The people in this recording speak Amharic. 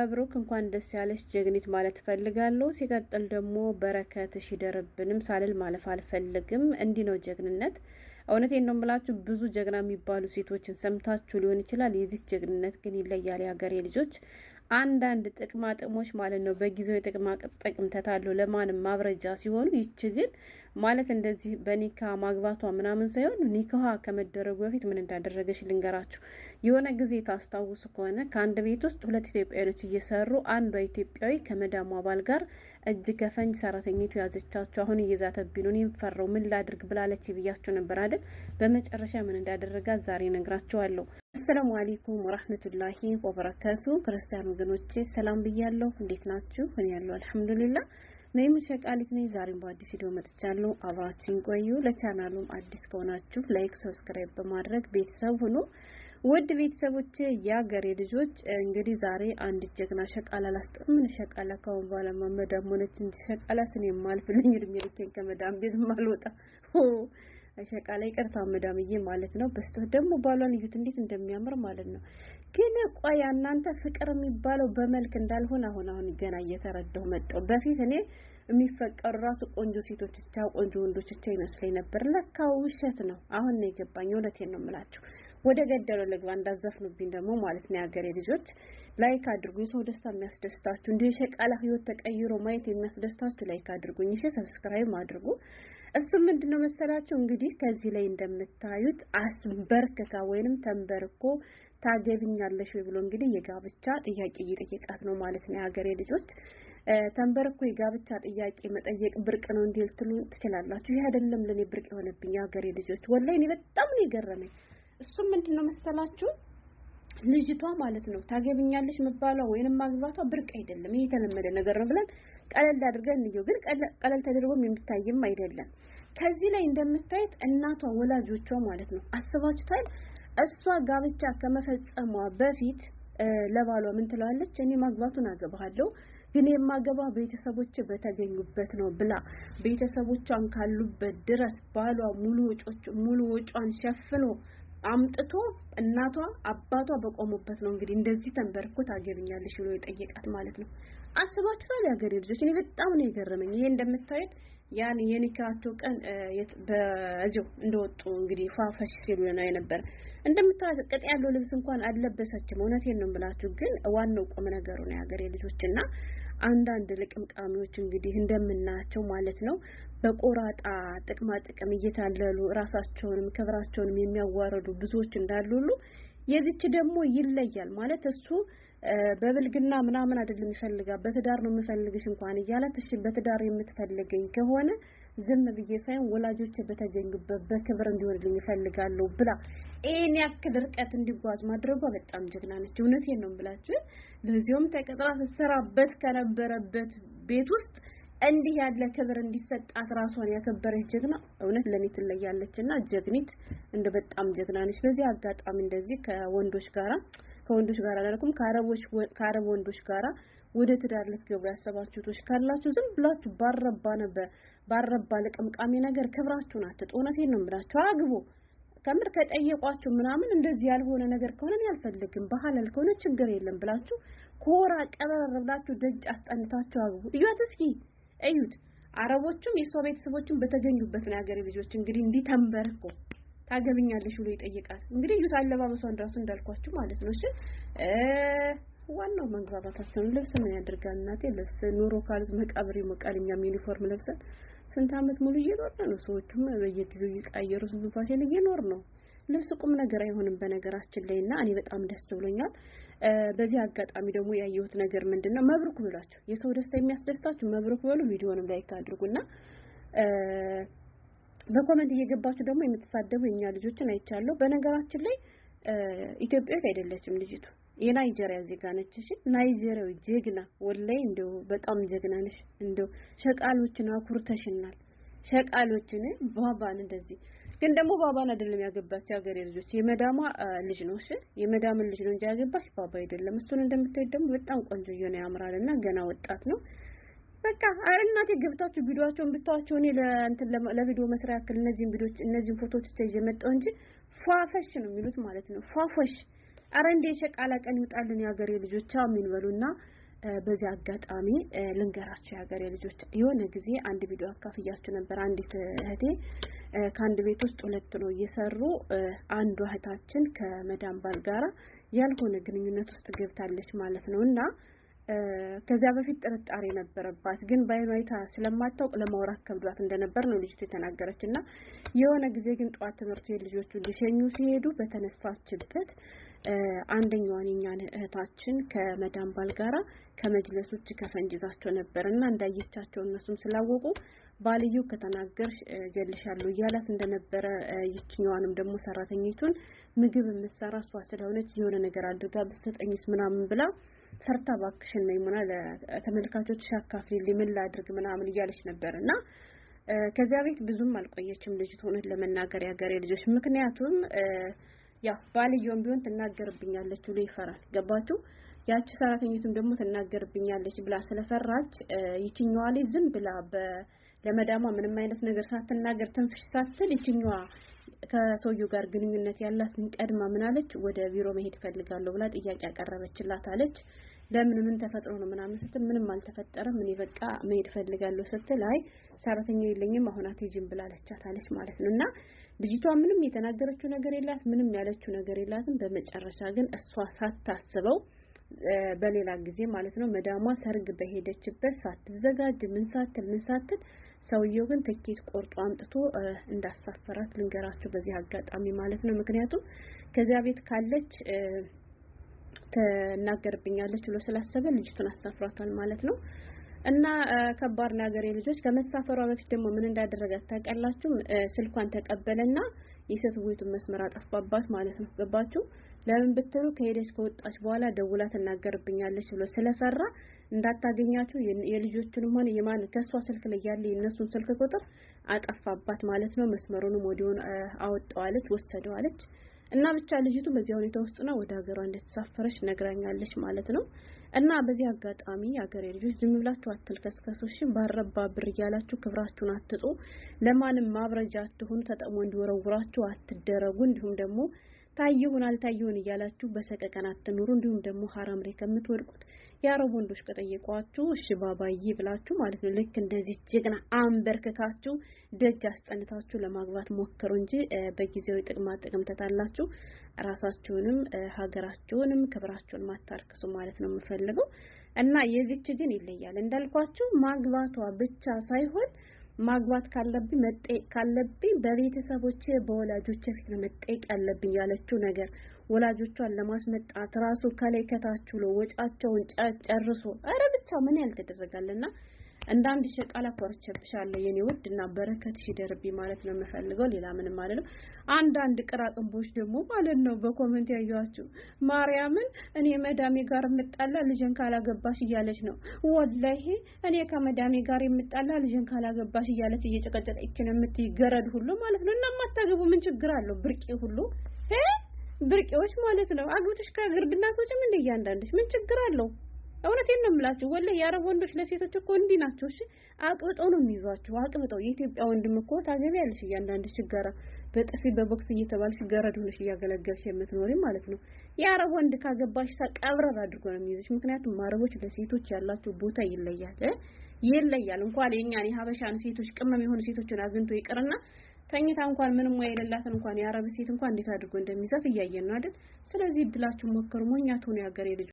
መብሩክ እንኳን ደስ ያለች ጀግኒት ማለት ፈልጋለሁ ሲቀጥል ደግሞ በረከትሽ ይደርብንም ሳልል ማለፍ አልፈልግም። እንዲህ ነው ጀግንነት። እውነቴን ነው የምላችሁ። ብዙ ጀግና የሚባሉ ሴቶችን ሰምታችሁ ሊሆን ይችላል። የዚህ ጀግንነት ግን ይለያል። የሀገሬ ልጆች አንዳንድ ጥቅማ ጥቅሞች ማለት ነው በጊዜው የጥቅማ ጥቅም ተታለው ለማንም ማብረጃ ሲሆኑ፣ ይች ግን ማለት እንደዚህ በኒካ ማግባቷ ምናምን ሳይሆን ኒካዋ ከመደረጉ በፊት ምን እንዳደረገች ልንገራችሁ። የሆነ ጊዜ ታስታውሱ ከሆነ ከአንድ ቤት ውስጥ ሁለት ኢትዮጵያውያኖች እየሰሩ አንዷ ኢትዮጵያዊ ከመዳሙ አባል ጋር እጅ ከፈንጅ ሰራተኝቱ ያዘቻቸው። አሁን እየዛተብኝ ነው፣ እኔም ፈራው። ምን ላድርግ ብላለች ብያቸው ነበር አይደል? በመጨረሻ ምን እንዳደረጋት ዛሬ ነግራቸዋለሁ። አሰላሙ አሌይኩም ወራህመቱላሂ ወበረካቱ። ክርስቲያን ወገኖቼ ሰላም ብያለሁ። እንዴት ናችሁ? እኔ ያለው አልሐምዱሊላ ነይም ሸቃሊት ነኝ። ዛሬም በአዲስ ቪዲዮ መጥቻለሁ። አብራችሁን ቆዩ። ለቻናሉም አዲስ ከሆናችሁ ላይክ፣ ሰብስክራይብ በማድረግ ቤተሰብ ሁኑ። ውድ ቤተሰቦች የሀገሬ ልጆች እንግዲህ ዛሬ አንድ ጀግና ሸቃላ ላስጠምን ሸቃላ ከአሁን በኋላ ማመዳም ሆነች እንጂ ሸቃላ ስኔ አልፍልኝ እድሜ ልኬን ከመዳም ቤት ማልወጣ ሸቃላ ይቅርታ መዳምዬ ማለት ነው። በስተ ደግሞ ባሏን እዩት እንዴት እንደሚያምር ማለት ነው። ግን ቆይ እናንተ ፍቅር የሚባለው በመልክ እንዳልሆነ አሁን አሁን ገና እየተረዳሁ መጣሁ። በፊት እኔ የሚፈቀሩ ራሱ ቆንጆ ሴቶች ብቻ ቆንጆ ወንዶች ብቻ ይመስለኝ ነበር። ለካ ውሸት ነው። አሁን ነው የገባኝ። እውነቴን ነው የምላችሁ። ወደ ገደሉ ልግባ እንዳዘፍኑብኝ ደግሞ ማለት ነው። የሀገሬ ልጆች ላይክ አድርጉ። የሰው ደስታ የሚያስደስታችሁ እንዲሁ የሸቃላ ህይወት ተቀይሮ ማየት የሚያስደስታችሁ ላይክ አድርጉኝ። ይሄ ሰብስክራይብ አድርጉ። እሱም ምንድነው መሰላችሁ እንግዲህ ከዚህ ላይ እንደምታዩት አስበርክካ ወይንም ተንበርኮ ታገብኛለሽ ወይ ብሎ እንግዲህ የጋብቻ ጥያቄ እየጠየቃት ነው ማለት ነው የሀገሬ ልጆች። ተንበርኮ የጋብቻ ጥያቄ መጠየቅ ብርቅ ነው እንዲል ትሉ ትችላላችሁ። ይህ አይደለም ለኔ ብርቅ የሆነብኝ የሀገሬ ልጆች። ወላሂ እኔ በጣም ነው የገረመኝ። እሱም ምንድን ነው መሰላችሁ ልጅቷ ማለት ነው ታገብኛለች መባሏ ወይንም ማግባቷ ብርቅ አይደለም። ይሄ የተለመደ ነገር ነው ብለን ቀለል አድርገን እንየው። ግን ቀለል ተደርጎም የሚታይም አይደለም። ከዚህ ላይ እንደምታይት እናቷ ወላጆቿ ማለት ነው አስባችሁታል። እሷ ጋብቻ ከመፈጸሟ በፊት ለባሏ ምን ትላለች? እኔ ማግባቱን አገባሃለሁ ግን የማገባ ቤተሰቦች በተገኙበት ነው ብላ ቤተሰቦቿን ካሉበት ድረስ ባሏ ሙሉ ወጪ ሙሉ ወጪዋን ሸፍኖ አምጥቶ እናቷ አባቷ በቆሙበት ነው እንግዲህ እንደዚህ ተንበርኮ ታገቢኛለሽ ብሎ የጠየቃት ማለት ነው። አስባችኋል? የሀገሬ ልጆች እኔ በጣም ነው የገረመኝ። ይሄ እንደምታዩት ያን የኒካቸው ቀን በዚሁ እንደወጡ እንግዲህ ፋፋሽ ሲሉ ነው የነበረ። እንደምታዩት ቅጥ ያለው ልብስ እንኳን አልለበሰችም። እውነቴን ነው የምላችሁ። ግን ዋናው ቁም ነገሩ ነው የሀገሬ ልጆችና አንዳንድ ልቅምቃሚዎች እንግዲህ እንደምናያቸው ማለት ነው በቆራጣ ጥቅማ ጥቅም እየታለሉ ራሳቸውንም ክብራቸውንም የሚያዋረዱ ብዙዎች እንዳሉ ሁሉ የዚች ደግሞ ይለያል ማለት እሱ በብልግና ምናምን አይደለም ይፈልጋ በትዳር ነው የምፈልግሽ እንኳን እያላት እሺ በትዳር የምትፈልገኝ ከሆነ ዝም ብዬ ሳይሆን ወላጆች በተገኙበት በክብር እንዲወርልኝ ይፈልጋለሁ ብላ ይሄን ያክል ርቀት እንዲጓዝ ማድረጓ በጣም ጀግና ነች። እውነቴን ነው ብላችሁ ለዚሁም ተቀጥራ ስትሰራበት ከነበረበት ቤት ውስጥ እንዲህ ያለ ክብር እንዲሰጣት ራሷን ያከበረች ጀግና እውነት ለኔ ትለያለች እና ጀግኒት እንደ በጣም ጀግና ነች። በዚህ አጋጣሚ እንደዚህ ከወንዶች ጋራ ከወንዶች ጋራ አላልኩም ከአረቦች ከአረብ ወንዶች ጋራ ወደ ትዳር ልትገቡ ያሰባችሁቶች ካላችሁ ዝም ብላችሁ ባረባ ነበር ባረባ ለቀምቃሚ ነገር ክብራችሁን አትጡ። እውነቴን ነው የምላችሁ፣ አግቡ ከምር ከጠየቋችሁ ምናምን እንደዚህ ያልሆነ ነገር ከሆነ ያልፈልግም፣ በሐላል ከሆነ ችግር የለም ብላችሁ ኮራ ቀበረር ብላችሁ ደጅ አስጠንታችሁ አግቡ። እዩት እስኪ እዩት። አረቦቹም የሷ ቤተሰቦችም በተገኙበት ነው የሀገሬ ልጆች እንግዲህ እንዲህ ተንበርኮ ታገብኛለሽ ብሎ ይጠይቃል። እንግዲህ እዩት አለባበሷን ራሱ እንዳልኳችሁ ማለት ነው። እሺ ዋናው መግባባታችን ልብስ ምን ያደርጋል እናቴ ልብስ ኑሮ ካልዝ መቃብር ይሞቃል። እኛም ዩኒፎርም ለብሰን ስንት ዓመት ሙሉ እየኖር ነው። ሰዎቹም በየጊዜው እየቀያየሩ ስንፋሽን እየኖር ነው። ልብስ ቁም ነገር አይሆንም በነገራችን ላይ እና እኔ በጣም ደስ ብሎኛል። በዚህ አጋጣሚ ደግሞ ያየሁት ነገር ምንድን ነው? መብሩክ ብላችሁ የሰው ደስታ የሚያስደስታችሁ መብሩክ በሉ። ቪዲዮንም ላይክ አድርጉና በኮመንት እየገባችሁ ደግሞ የምትሳደቡ የኛ ልጆችን አይቻለሁ። በነገራችን ላይ ኢትዮጵያዊት አይደለችም ልጅቱ የናይጄሪያ ዜጋ ነች። እሺ ናይጄሪያዊ ጀግና ወላይ እንደው በጣም ጀግና ነሽ። እንደው ሸቃሎችን አኩርተሽናል። ሸቃሎችን ባባን እንደዚህ ግን ደግሞ ባባን አይደለም ያገባች የሀገሬ ልጆች የመዳማ ልጅ ነው። እሺ የመዳም ልጅ ነው እንጂ ያገባች ባባ አይደለም። እሱን እንደምታዩት ደግሞ በጣም ቆንጆ እየሆነ ያምራል እና ገና ወጣት ነው። በቃ እናቴ ገብታችሁ ቪዲዮአቸውን ብታዋቸው እኔ ለእንትን ለቪዲዮ መስሪያ ያክል እነዚህን ቪዲዮች እነዚህን ፎቶዎች ተይዤ መጣሁ እንጂ ፏፈሽ ነው የሚሉት ማለት ነው ፏፈሽ አረ እንደ ሸቃላ ቀን ይውጣልን የሀገሬ ልጆች አሜን በሉና። በዚህ አጋጣሚ ልንገራቸው የሀገሬ ልጆች፣ የሆነ ጊዜ አንድ ቪዲዮ አካፍያችሁ ነበር። አንዲት እህቴ ከአንድ ቤት ውስጥ ሁለት ነው እየሰሩ፣ አንዱ እህታችን ከመዳም ባል ጋራ ያልሆነ ግንኙነት ውስጥ ገብታለች ማለት ነው እና ከዚያ በፊት ጥርጣሬ ነበረባት፣ ግን በአይኗ ስለማታውቅ ለማውራት ከብዷት እንደነበር ነው ልጅቱ የተናገረች እና የሆነ ጊዜ ግን ጠዋት ትምህርት ልጆቹ ሊሸኙ ሲሄዱ በተነሳችበት አንደኛዋን የኛን እህታችን ከመዳን ባል ጋራ ከመጅለስ ውጭ ከፈንጅዛቸው ነበር እና እንዳየቻቸው እነሱም ስላወቁ ባልዩ ከተናገር ገልሻለሁ እያላት እንደነበረ ይችኛዋንም ደግሞ ሰራተኞቹን ምግብ የምትሰራ እሷ ስለሆነች የሆነ ነገር አድርጋ ብትሰጠኝስ ምናምን ብላ ሰርታ ባክሽን ነው ሆና ለተመልካቾች አካፍሊ ምን ላድርግ ምናምን እያለች ነበር እና ከዚያ ቤት ብዙም አልቆየችም ልጅት ሆነት ለመናገር ያገሬ ልጆች ምክንያቱም ያው ባልየውም ቢሆን ትናገርብኛለች ብሎ ይፈራል። ገባችሁ? ያቺ ሰራተኛቱም ደግሞ ትናገርብኛለች ብላ ስለፈራች ይችኛዋ ላይ ዝም ብላ ለመዳሟ ምንም አይነት ነገር ሳትናገር ትንፍሽ ሳትል ይችኛዋ ከሰውየው ጋር ግንኙነት ያላትን ቀድማ አለች? ወደ ቢሮ መሄድ ፈልጋለሁ ብላ ጥያቄ አቀረበችላት አለች። ለምን ምን ተፈጥሮ ነው ምናምን ስትል ምንም አልተፈጠረም፣ እኔ በቃ መሄድ ፈልጋለሁ ስትል አይ ሰራተኛ የለኝም አሁን አትሄጂም ብላለቻት አለች ማለት ነው እና ልጅቷ ምንም የተናገረችው ነገር የላት፣ ምንም ያለችው ነገር የላትም። በመጨረሻ ግን እሷ ሳታስበው በሌላ ጊዜ ማለት ነው መዳሟ ሰርግ በሄደችበት ሳትዘጋጅ ምን ሳትል ምን ሳትል ሰውየው ግን ትኬት ቆርጦ አምጥቶ እንዳሳፈራት ልንገራችሁ በዚህ አጋጣሚ ማለት ነው። ምክንያቱም ከዚያ ቤት ካለች ትናገርብኛለች ብሎ ስላሰበ ልጅቱን አሳፍሯታል ማለት ነው። እና ከባድ ነገር የልጆች ልጆች። ከመሳፈሯ በፊት ደግሞ ምን እንዳደረጋት ታውቃላችሁ? ስልኳን ተቀበለና የሴትዮቱን መስመር አጠፋባት ማለት ነው። ገባችሁ? ለምን ብትሉ ከሄደች ከወጣች በኋላ ደውላ ትናገርብኛለች ብሎ ስለፈራ እንዳታገኛችሁ የልጆቹንም ሆነ የማን ከሷ ስልክ ላይ ያለ የነሱን ስልክ ቁጥር አጠፋባት ማለት ነው። መስመሩንም ወዲያውኑ አወጣዋለች፣ ወሰደዋለች እና ብቻ ልጅቱ በዚያ ሁኔታ ውስጥ ነው ወደ ሀገሯ እንደተሳፈረች ነግራኛለች ማለት ነው። እና በዚህ አጋጣሚ የአገሬ ልጆች ዝም ብላችሁ አትልከስከሱሽን ባረባ ብር እያላችሁ ክብራችሁን አትጡ። ለማንም ማብረጃ አትሁኑ። ተጠቅሞ እንዲወረውራችሁ አትደረጉ። እንዲሁም ደግሞ ታየሁን አልታየሁን እያላችሁ በሰቀቀን አትኑሩ። እንዲሁም ደግሞ ሀራም ላይ ከምትወድቁት የአረብ ወንዶች ከጠየቋችሁ እሺ ባባዬ ብላችሁ ማለት ነው። ልክ እንደዚህ ጀግና አንበርክካችሁ ደጅ አስጠንታችሁ ለማግባት ሞከሩ እንጂ በጊዜያዊ ጥቅማ ጥቅም ተታላችሁ ራሳችሁንም ሀገራችሁንም ክብራችሁን ማታርክሱ ማለት ነው የምፈልገው እና የዚች ግን ይለያል እንዳልኳችሁ ማግባቷ ብቻ ሳይሆን ማግባት ካለብኝ መጠየቅ ካለብኝ በቤተሰቦቼ በወላጆቼ ፊት ነው መጠየቅ ያለብኝ ያለችው ነገር ወላጆቿን ለማስመጣት ራሱ ከላይ ከታች ብሎ ወጫቸውን ጨርሶ አረ ብቻ ምን ያልተደረጋልና እንደ አንድ ሸቃላ ኮርቸብሻለሁ የኔ ውድ እና በረከት ይደርብኝ ማለት ነው የምፈልገው። ሌላ ምንም ማለት ነው። አንዳንድ ቅራቅንቦች ደግሞ ማለት ነው በኮመንት ያዩዋችሁ ማርያምን፣ እኔ መዳሜ ጋር የምጣላ ልጅን ካላገባሽ እያለች ነው። ወላሂ እኔ ከመዳሜ ጋር የምጣላ ልጅን ካላገባሽ እያለች እየጨቀጨቀች ነው የምትገረድ ሁሉ ማለት ነው። እና ማታገቡ ምን ችግር አለው? ብርቄ ሁሉ ብርቄዎች ማለት ነው። አግብተሽ ከግርድና ሰዎችም እንደ እያንዳንድሽ ምን ችግር አለው? እውነቴን ነው የምላችሁ። ወላሂ የአረብ ወንዶች ለሴቶች እኮ እንዲህ ናቸው። እሺ አቅብጠው ነው የሚይዟቸው፣ አቅብጠው። የኢትዮጵያ ወንድም እኮ ታገቢያለሽ፣ እያንዳንድ ጋራ በጥፊ በቦክስ እየተባለሽ ገረድ ሆነሽ እያገለገልሽ የምትኖሪ ማለት ነው። የአረብ ወንድ ካገባሽ ቀብረር አድርጎ ነው የሚይዝሽ። ምክንያቱም አረቦች ለሴቶች ያላቸው ቦታ ይለያል ይለያል። እንኳን የኛን የሀበሻን ሴቶች ቅመም የሆኑ ሴቶችን አግኝቶ ይቅርና ተኝታ እንኳን ምንም ሙያ የሌላትን እንኳን የአረብ ሴት እንኳን እንዴት አድርጎ እንደሚይዛት እያየን ነው አይደል? ስለዚህ እድላችሁ ሞከሩ፣ ሞኛ ትሆኑ የሀገሬ ልጅ